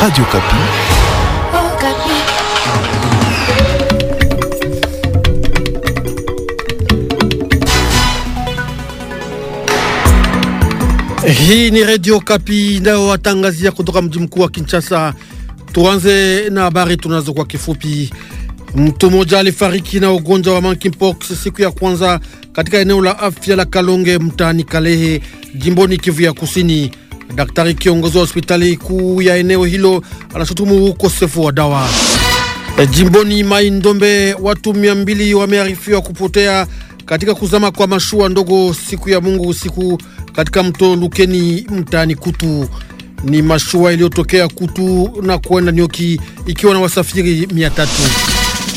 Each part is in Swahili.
Radio Kapi. Oh, Kapi. Hii ni Radio Kapi watangazia kutoka mji mkuu wa Kinshasa. Tuanze na habari tunazo kwa kifupi. Mtu mmoja alifariki na ugonjwa wa monkeypox siku ya kwanza katika eneo la afya la Kalonge mtaani Kalehe jimboni Kivu ya Kusini. Daktari kiongozi wa hospitali kuu ya eneo hilo anashutumu ukosefu wa dawa. E, jimboni Mai Ndombe, watu mia mbili wamearifiwa kupotea katika kuzama kwa mashua ndogo siku ya Mungu usiku katika mto Lukeni mtaani Kutu. Ni mashua iliyotokea Kutu na kuenda Nyoki ikiwa na wasafiri mia tatu.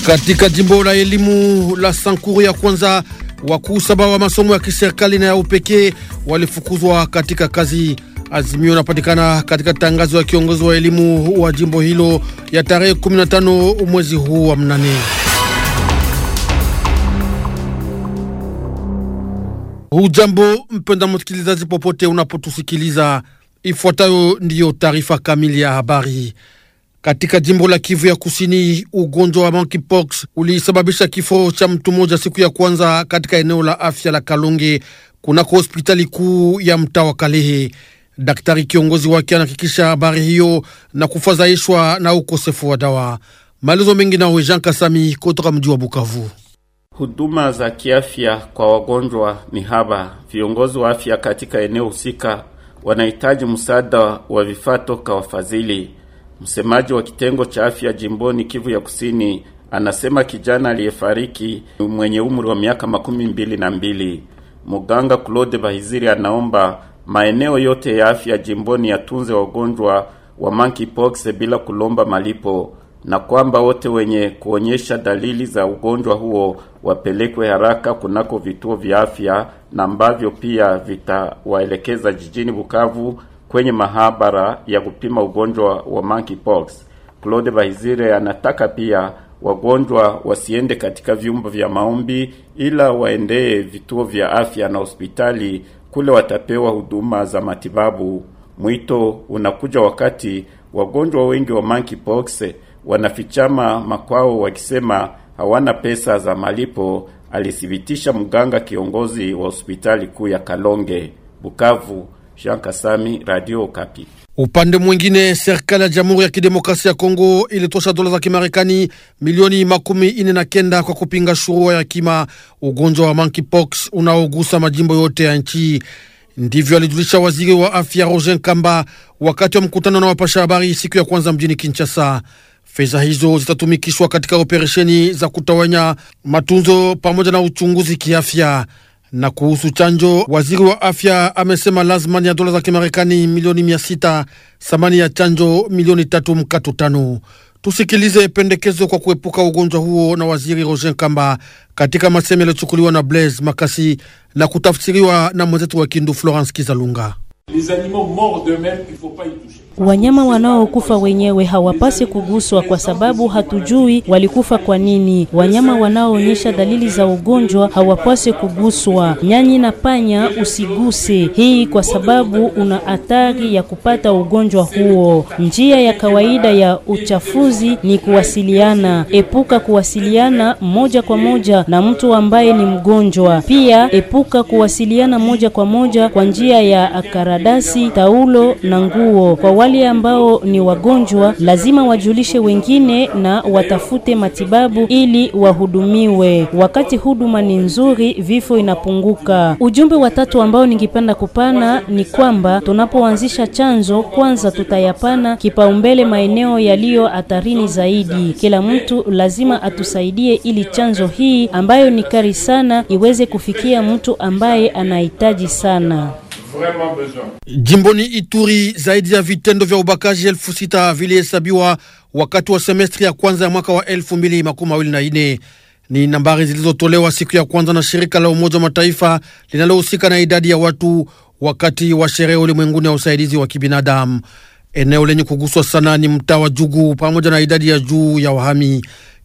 Katika jimbo la elimu la Sankuru ya kwanza, wakuu saba wa masomo ya kiserikali na ya upekee walifukuzwa katika kazi. Azimio unapatikana katika tangazo ya kiongozi wa elimu wa jimbo hilo ya tarehe 15 mwezi huu wa mnane. Hujambo mpenda msikilizaji, popote unapotusikiliza, ifuatayo ndiyo taarifa kamili ya habari. Katika jimbo la Kivu ya Kusini, ugonjwa wa monkeypox ulisababisha kifo cha mtu mmoja siku ya kwanza katika eneo la afya la Kalonge kunako hospitali kuu ya mtaa wa Kalehe. Daktari kiongozi wake anahakikisha habari hiyo na kufadhaishwa na ukosefu wa dawa. Maelezo mengi nawe Jean Kasami kutoka mji wa Bukavu. Huduma za kiafya kwa wagonjwa ni haba. Viongozi wa afya katika eneo husika wanahitaji msaada wa vifaa toka wafadhili. Msemaji wa kitengo cha afya jimboni Kivu ya Kusini anasema kijana aliyefariki mwenye umri wa miaka makumi mbili na mbili. Muganga Claude Bahiziri anaomba maeneo yote ya afya jimboni yatunze wagonjwa wa monkeypox bila kulomba malipo na kwamba wote wenye kuonyesha dalili za ugonjwa huo wapelekwe haraka kunako vituo vya afya na ambavyo pia vitawaelekeza jijini Bukavu kwenye mahabara ya kupima ugonjwa wa monkeypox. Claude Bahizire anataka pia wagonjwa wasiende katika vyumba vya maombi, ila waendee vituo vya afya na hospitali kule watapewa huduma za matibabu. Mwito unakuja wakati wagonjwa wengi wa monkeypox wanafichama makwao wakisema hawana pesa za malipo, alithibitisha mganga kiongozi wa hospitali kuu ya Kalonge. Bukavu, Jean Kasami, Radio Kapi. Upande mwingine serikali ya Jamhuri ya Kidemokrasia ya Kongo ilitosha dola za Kimarekani milioni makumi ine na kenda kwa kupinga shurua ya kima, ugonjwa wa monkeypox unaogusa majimbo yote ya nchi. Ndivyo alijulisha waziri wa afya Roger Kamba wakati wa mkutano na wapasha habari siku ya kwanza mjini Kinshasa. Fedha hizo zitatumikishwa katika operesheni za kutawanya matunzo pamoja na uchunguzi kiafya. Na kuhusu chanjo, waziri wa afya amesema lazima ni ya dola za Kimarekani milioni mia sita thamani ya chanjo milioni tatu mkato tano. Tusikilize pendekezo kwa kuepuka ugonjwa huo na waziri Roger Kamba katika maseme yaliyochukuliwa na Blaise Makasi na kutafsiriwa na mwenzetu wa Kindu Florence Kizalunga. Les animaux morts d'eux-mêmes, il faut pas y toucher. Wanyama wanaokufa wenyewe hawapasi kuguswa, kwa sababu hatujui walikufa kwa nini. Wanyama wanaoonyesha dalili za ugonjwa hawapasi kuguswa. Nyani na panya usiguse hii, kwa sababu una hatari ya kupata ugonjwa huo. Njia ya kawaida ya uchafuzi ni kuwasiliana. Epuka kuwasiliana moja kwa moja na mtu ambaye ni mgonjwa. Pia epuka kuwasiliana moja kwa moja kwa njia ya akaradasi taulo na nguo kwa wale wale ambao ni wagonjwa lazima wajulishe wengine na watafute matibabu ili wahudumiwe. Wakati huduma ni nzuri, vifo inapunguka. Ujumbe wa tatu ambao ningependa kupana ni kwamba tunapoanzisha chanjo, kwanza tutayapana kipaumbele maeneo yaliyo hatarini zaidi. Kila mtu lazima atusaidie ili chanjo hii ambayo ni kari sana iweze kufikia mtu ambaye anahitaji sana vraiment besoin. Jimboni Ituri, zaidi ya vitendo vya ubakaji elfu sita vilihesabiwa wakati wa semestri ya kwanza ya mwaka wa elfu mbili makumi mawili na ine Ni nambari zilizotolewa siku ya kwanza na shirika la Umoja wa Mataifa linalohusika na idadi ya watu wakati wa sherehe ulimwenguni ya usaidizi wa kibinadamu. Eneo lenye kuguswa sana ni mtaa wa Jugu pamoja na idadi ya juu ya wahami.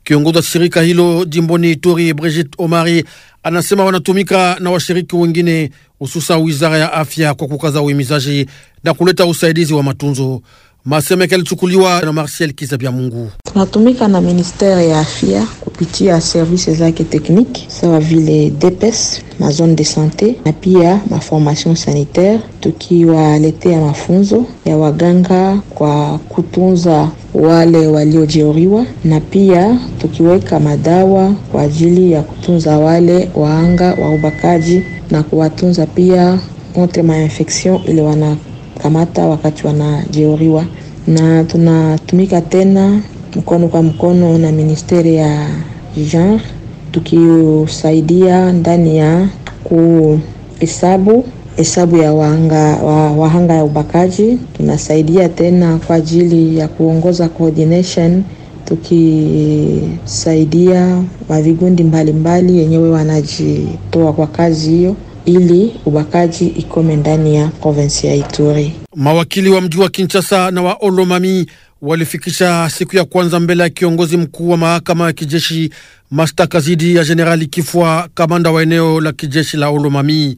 Kiongozi wa shirika hilo jimboni Ituri, Brigit Omari, anasema wanatumika na washiriki wengine, hususa wizara ya afya, kwa kukaza uhimizaji na kuleta usaidizi wa matunzo. Maseme yalichukuliwa na Martial Kizabya Mungu. Tunatumika na ministere ya afya kupitia service zake tekniki sawa vile DPS e na zone de sante na pia maformation sanitaire, tukiwaletea mafunzo ya waganga kwa kutunza wale waliojeruhiwa na pia tukiweka madawa kwa ajili ya kutunza wale waanga wa ubakaji na kuwatunza pia contre ma infection ili wana wanakamata wakati wanajeuriwa, na tunatumika tena mkono kwa mkono na ministeri ya genre tukisaidia ndani ya kuhesabu hesabu ya wahanga, wa, wahanga ya ubakaji. Tunasaidia tena kwa ajili ya kuongoza coordination, tukisaidia wa vigundi mbalimbali yenyewe wanajitoa kwa kazi hiyo ili ubakaji ikome ndani ya provinsi ya Ituri. Mawakili wa mji wa Kinshasa na wa Olomami walifikisha siku ya kwanza mbele ya kiongozi mkuu wa mahakama ya kijeshi mashtaka dhidi ya Jenerali Kifwa, kamanda wa eneo la kijeshi la Olomami.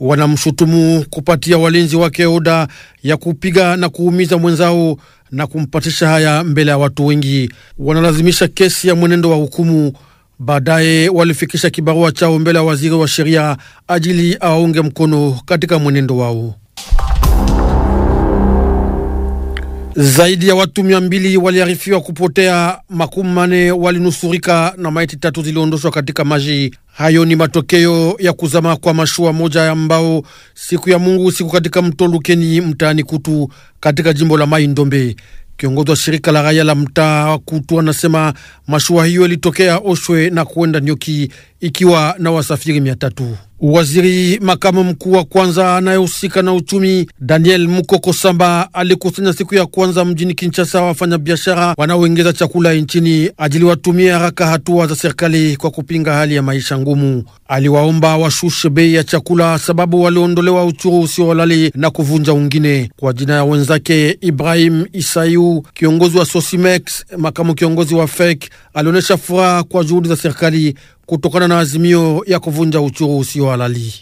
Wanamshutumu kupatia walinzi wake oda ya kupiga na kuumiza mwenzao na kumpatisha haya mbele ya watu wengi. Wanalazimisha kesi ya mwenendo wa hukumu. Baadaye walifikisha kibarua chao mbele ya waziri wa sheria ajili awaunge mkono katika mwenendo wao. Zaidi ya watu mia mbili waliarifiwa kupotea, makumi mane walinusurika na maiti tatu ziliondoshwa katika maji. Hayo ni matokeo ya kuzama kwa mashua moja ya mbao siku ya Mungu siku katika mto Lukeni mtaani Kutu katika jimbo la Mai Ndombe. Kiongozi wa shirika la raia la mtaa Kutu anasema mashua hiyo ilitokea Oshwe na kuenda Nyoki ikiwa na wasafiri mia tatu. Waziri makamu mkuu wa kwanza anayehusika na uchumi Daniel Mukoko Samba alikusanya siku ya kwanza mjini Kinshasa wafanyabiashara wanaoongeza chakula nchini ajili watumie haraka hatua za serikali kwa kupinga hali ya maisha ngumu. Aliwaomba washushe bei ya chakula sababu waliondolewa uchuru usio halali na kuvunja wengine. Kwa jina ya wenzake Ibrahim isayu kiongozi wa Sosimex, makamu kiongozi wa FEC, alionyesha furaha kwa juhudi za serikali kutokana na azimio ya kuvunja uchuru usio halali.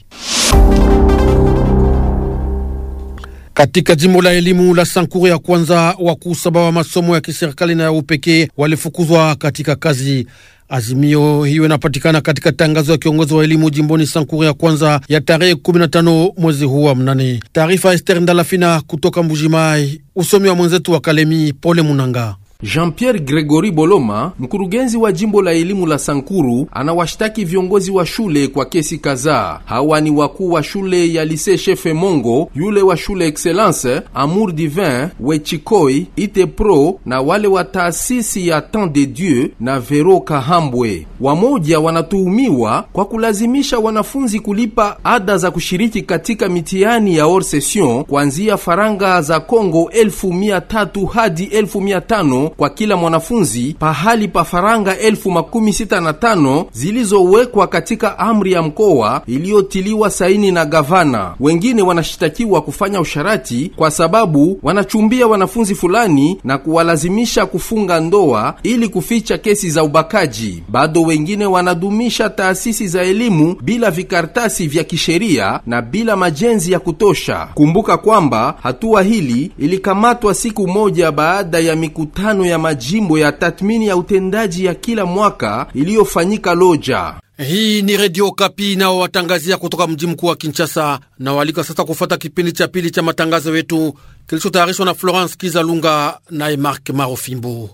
Katika jimbo la elimu la Sankuru ya kwanza, wakuu saba wa masomo ya kiserikali na ya upekee walifukuzwa katika kazi. Azimio hiyo inapatikana katika tangazo ya kiongozi wa elimu jimboni Sankuru ya kwanza ya tarehe 15 mwezi huu wa mnane. Taarifa Ester Ndalafina kutoka Mbujimai, usomi wa mwenzetu wa Kalemi Pole Munanga. Jean-Pierre Gregory Boloma, mkurugenzi wa jimbo la elimu la Sankuru, anawashtaki viongozi wa shule kwa kesi kadhaa. Hawa ni wakuu wa shule ya Lycée Shefe Mongo, yule wa shule Excellence, Amour Divin, Wechikoi, Itepro na wale wa taasisi ya Temps de Dieu na Vero Kahambwe. Wamoja wanatuhumiwa kwa kulazimisha wanafunzi kulipa ada za kushiriki katika mitihani ya hors session kuanzia faranga za congo elfu mia tatu hadi elfu mia tano kwa kila mwanafunzi pahali pa faranga elfu makumi sita na tano zilizowekwa katika amri ya mkoa iliyotiliwa saini na gavana. Wengine wanashitakiwa kufanya usharati kwa sababu wanachumbia wanafunzi fulani na kuwalazimisha kufunga ndoa ili kuficha kesi za ubakaji. Bado wengine wanadumisha taasisi za elimu bila vikartasi vya kisheria na bila majenzi ya kutosha. Kumbuka kwamba hatua hili ilikamatwa siku moja baada ya mikutano mikutano ya majimbo ya tathmini ya utendaji ya kila mwaka iliyofanyika Loja. Hii ni Redio Kapi inayowatangazia kutoka mji mkuu wa Kinshasa na walika sasa kufuata kipindi cha pili cha matangazo yetu kilichotayarishwa na Florence Kizalunga naye Mark Marofimbo.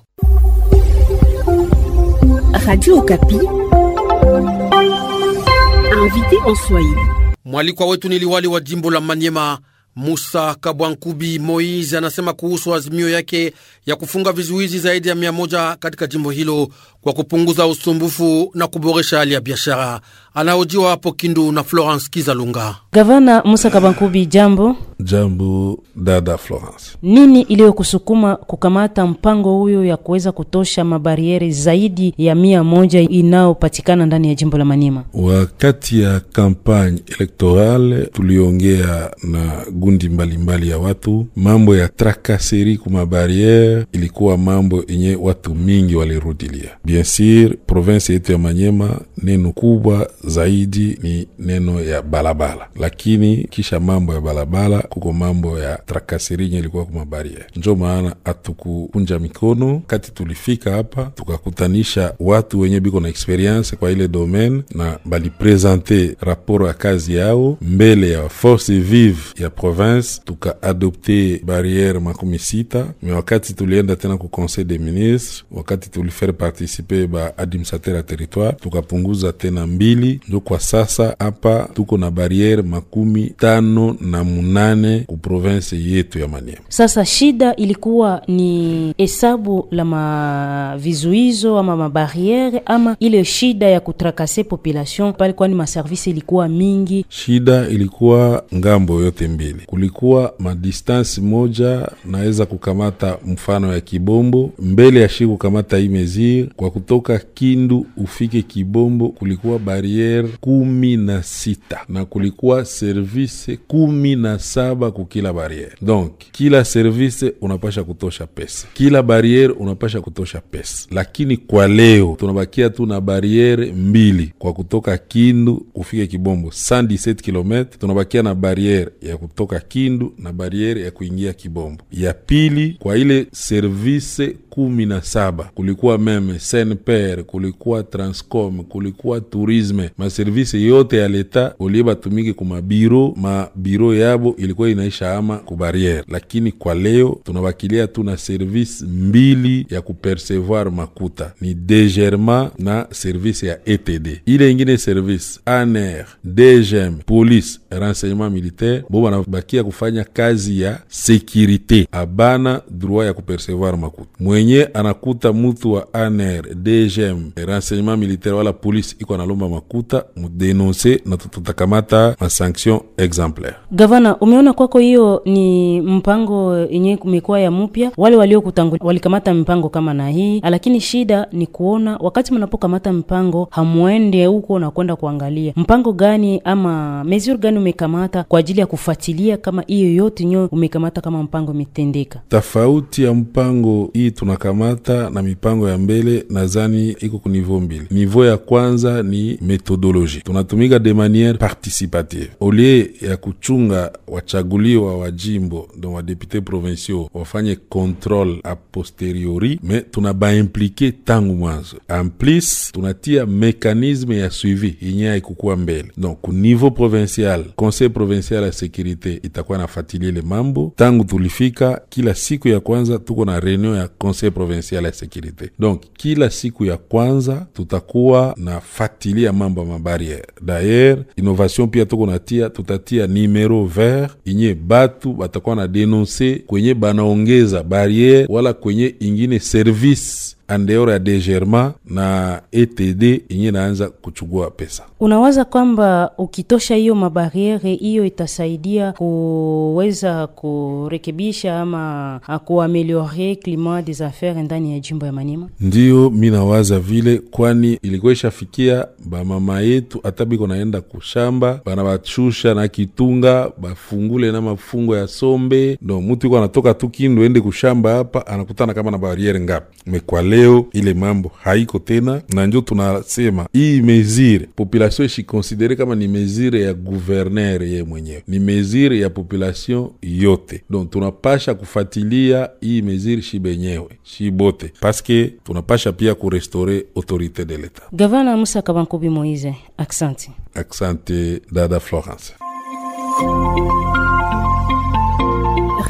Mwalikwa wetu ni liwali wa jimbo la Manyema Musa Kabwankubi Moise anasema kuhusu azimio yake ya kufunga vizuizi zaidi ya mia moja katika jimbo hilo kwa kupunguza usumbufu na kuboresha hali ya biashara. Anahojiwa hapo Kindu na Florence Kizalunga. Gavana Musa Kabankubi, jambo. Jambo dada Florence, nini iliyokusukuma kukamata mpango huyo ya kuweza kutosha mabariere zaidi ya mia moja inayopatikana ndani ya jimbo la manima Wakati ya kampanye elektorale tuliongea na gundi mbalimbali mbali ya watu, mambo ya trakaseri kumabariere ilikuwa mambo yenye watu mingi walirudilia Biasir, province yetu ya Manyema, neno kubwa zaidi ni neno ya balabala, lakini kisha mambo ya balabala kuko mambo ya trakaserinye ilikuwa kumabariere, njo maana hatukukunja mikono kati tulifika hapa tukakutanisha watu wenye biko na experience kwa ile domaine na baliprezente raporo ya kazi yao mbele ya force vive ya province, tukaadopte barriere makumi sita. Me wakati tulienda tena ku conseil des ministres, wakati tulifere participe participe ba administrateur ya territoire tukapunguza tena mbili, njo kwa sasa hapa tuko na bariere makumi tano na munane ku province yetu ya Maniema. Sasa shida ilikuwa ni hesabu la mavizuizo ama mabariere ama ile shida ya kutrakase population pale, kwani maservisi ilikuwa mingi. Shida ilikuwa ngambo yote mbili, kulikuwa madistansi moja naweza kukamata mfano ya Kibombo mbele ya shi kukamata hii mezire kwa kutoka Kindu ufike Kibombo kulikuwa bariere kumi na sita na kulikuwa service kumi na saba kukila bariere. Donc kila service unapasha kutosha pesa, kila bariere unapasha kutosha pesa, lakini kwa leo tunabakia tu na bariere mbili kwa kutoka Kindu ufike Kibombo 117 km, tunabakia na bariere ya kutoka Kindu na bariere ya kuingia Kibombo. Ya pili kwa ile service kumi na saba kulikuwa meme SNPR, kulikuwa Transcom, kulikuwa tourisme maservisi yote ya leta olie batumike kumabiro mabiro yabo ilikuwa inaisha ama kubariere. Lakini kwa leo tunabakilia tu na service mbili ya kupercevoir makuta ni degerma na service ya ETD. Ile ingine service aner DGM, police, renseignement militaire bo banabakia kufanya kazi ya sekirite, abana droit ya kupercevoir makuta. Mwenye anakuta mutu wa aner DGM renseignement militaire wala polisi iko analomba makuta mudenonse na tutakamata sanction exemplaire. Gavana, umeona kwako hiyo ni mpango yenye imekuwa ya mupya Wale waliokutangulia walikamata mpango kama na hii, lakini shida ni kuona wakati mnapokamata mpango hamwende huko na kwenda kuangalia mpango gani ama mesure gani umekamata kwa ajili ya kufuatilia kama hiyo yote nyo umekamata kama mpango imetendeka. Tofauti ya mpango hii tunakamata na mipango ya mbele nazani iko ku niveau mbili. Niveau ya kwanza ni metodoloji, tunatumika de maniere participative olie ya kuchunga wachaguliwa wa jimbo don wadepute provinciaux wafanye controle a posteriori, me tunabaimplike tangu mwanzo. plus tunatia mekanisme ya suivi yenye haikukuwa mbele, donc ku niveau provincial, conseil provincial ya securite itakuwa nafatilia ile mambo tangu tulifika. Kila siku ya kwanza tuko na reunion ya conseil provincial ya securite, donc kila kila siku ya kwanza tutakuwa na fatilia mambo ya mabariere dayer innovation pia tuko natia, tutatia numero vert inye batu batakuwa na denonse kwenye banaongeza bariere wala kwenye ingine service andeora ya degerma na ETD yenye naanza kuchugua pesa. Unawaza kwamba ukitosha hiyo mabariere hiyo itasaidia kuweza kurekebisha ama kuameliore climat des affaires ndani ya jimbo ya manima Ndiyo, mi nawaza vile, kwani ilikuwa ishafikia bamama yetu hata biko naenda kushamba bana bachusha na kitunga bafungule na mafungo ya sombe, ndo mutu iko anatoka tu kindo ende kushamba hapa anakutana kama na bariere ngapi mekwale leo ile mambo haiko tena, na njo tunasema hii mezire population ishikonsidere kama ni mezire ya guverner ye mwenyewe, ni mezire ya population yote. Don tunapasha kufatilia hii mezire shi benyewe shi bote, paske tunapasha pia kurestore autorite de leta. Gavana Musa Kabankubi Moize, aksanti. Aksanti dada Florence.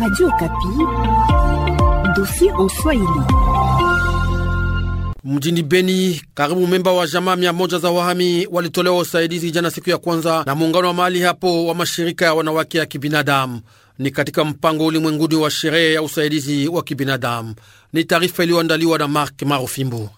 Radio Kapi, dossier en Swahili mjini Beni. Karibu memba wa jamaa mia moja za wahami walitolewa usaidizi jana siku ya kwanza na muungano wa mahali hapo wa mashirika ya wanawake ya kibinadamu ni katika mpango ulimwenguni wa sherehe ya usaidizi wa kibinadamu. Ni taarifa iliyoandaliwa na Mark Marufimbu.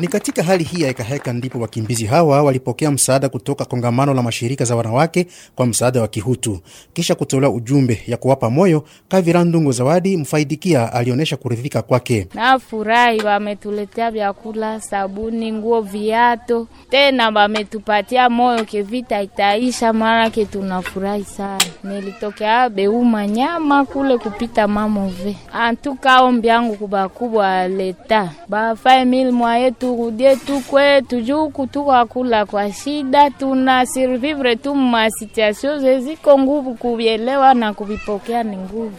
Ni katika hali hii ya hekaheka ndipo wakimbizi hawa walipokea msaada kutoka kongamano la mashirika za wanawake kwa msaada wa kihutu, kisha kutolewa ujumbe ya kuwapa moyo. Kavira Ndungu Zawadi mfaidikia alionyesha kuridhika kwake. Nafurahi wametuletea vyakula, sabuni, nguo, viato, tena wametupatia moyo kevita itaisha, maanake tunafurahi sana. Nilitokea Beuma nyama kule kupita mamove antukaombi yangu kubakubwa leta bafae milimwa yetu turudie tu kwetu, juu huku kwa shida, tuna survivre tu masituation zeziko nguvu, kuvielewa na kuvipokea ni nguvu.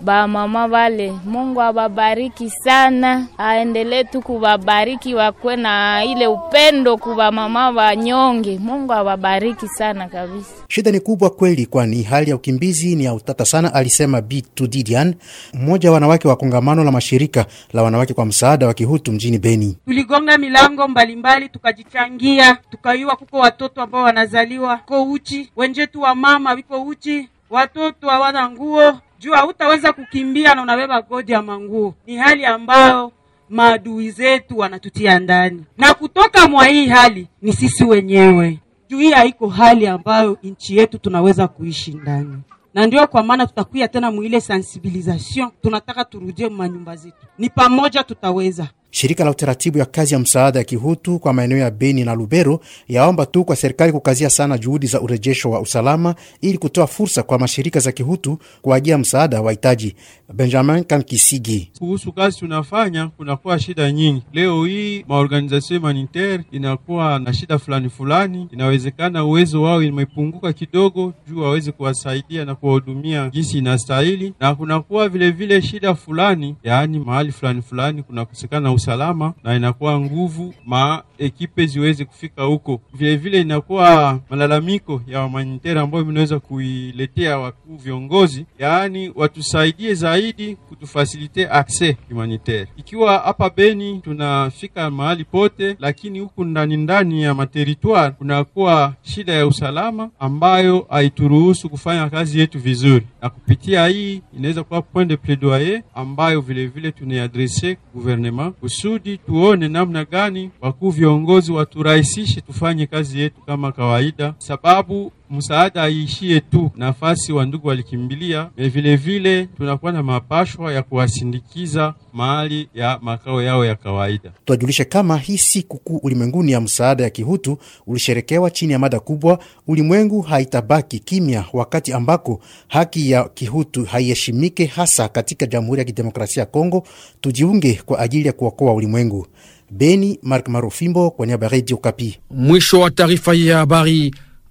Ba mama vale, Mungu ababariki sana, aendelee tu kuwabariki, wakwe na ile upendo kuwa mama wanyonge. Mungu ababariki sana kabisa. Shida ni kubwa kweli, kwani hali ya ukimbizi ni ya utata sana, alisema Bitu Didian, mmoja wa wanawake wa kongamano la mashirika la wanawake kwa msaada wa kihutu mjini Beni. Tuligonga tukafunga milango mbalimbali, tukajichangia, tukaiwa. Kuko watoto ambao wanazaliwa ko uchi, wenjetu wa mama wiko uchi, watoto hawana nguo juu hautaweza kukimbia na unabeba godi ya manguo. Ni hali ambayo maadui zetu wanatutia ndani, na kutoka mwa hii hali ni sisi wenyewe juu hii haiko hali ambayo nchi yetu tunaweza kuishi ndani, na ndio kwa maana tutakuya tena mwile sensibilisation, tunataka turudie manyumba zetu, ni pamoja tutaweza. Shirika la utaratibu ya kazi ya msaada ya kihutu kwa maeneo ya Beni na Lubero yaomba tu kwa serikali kukazia sana juhudi za urejesho wa usalama ili kutoa fursa kwa mashirika za kihutu kuajia msaada wahitaji. Benjamin Kankisigi: kuhusu kazi tunafanya kunakuwa shida nyingi. Leo hii maorganizasio humanitaire inakuwa na shida fulani fulani, inawezekana uwezo wao imepunguka kidogo juu waweze kuwasaidia na kuwahudumia jinsi inastahili, na kunakuwa vilevile vile shida fulani, yaani mahali fulani fulani kunakosekana usalama na inakuwa nguvu ma ekipe ziweze kufika huko. Vilevile inakuwa malalamiko ya humanitari ambayo minaweza kuiletea wakuu viongozi, yaani watusaidie zaidi kutufasilite akses humanitaire. Ikiwa hapa Beni tunafika mahali pote, lakini huku ndani ndani ya materitoire kunakuwa shida ya usalama ambayo haituruhusu kufanya kazi yetu vizuri, na kupitia hii inaweza kuwa point de plaidoyer ambayo vilevile tunaiadrese gouvernement kusudi tuone namna gani wakuu viongozi waturahisishe tufanye kazi yetu kama kawaida, sababu msaada aishie tu nafasi wa ndugu walikimbilia, na vilevile tunakuwa na mapashwa ya kuwasindikiza mahali ya makao yao ya kawaida. Tuwajulishe kama hii sikukuu ulimwenguni ya msaada ya kihutu ulisherekewa chini ya mada kubwa, ulimwengu haitabaki kimya, wakati ambako haki ya kihutu haiheshimike, hasa katika Jamhuri ya Kidemokrasia ya Kongo. Tujiunge kwa ajili ya kuokoa ulimwengu. Beni, Mark Marufimbo kwa niaba ya Radio Kapi. Mwisho wa taarifa hii ya habari.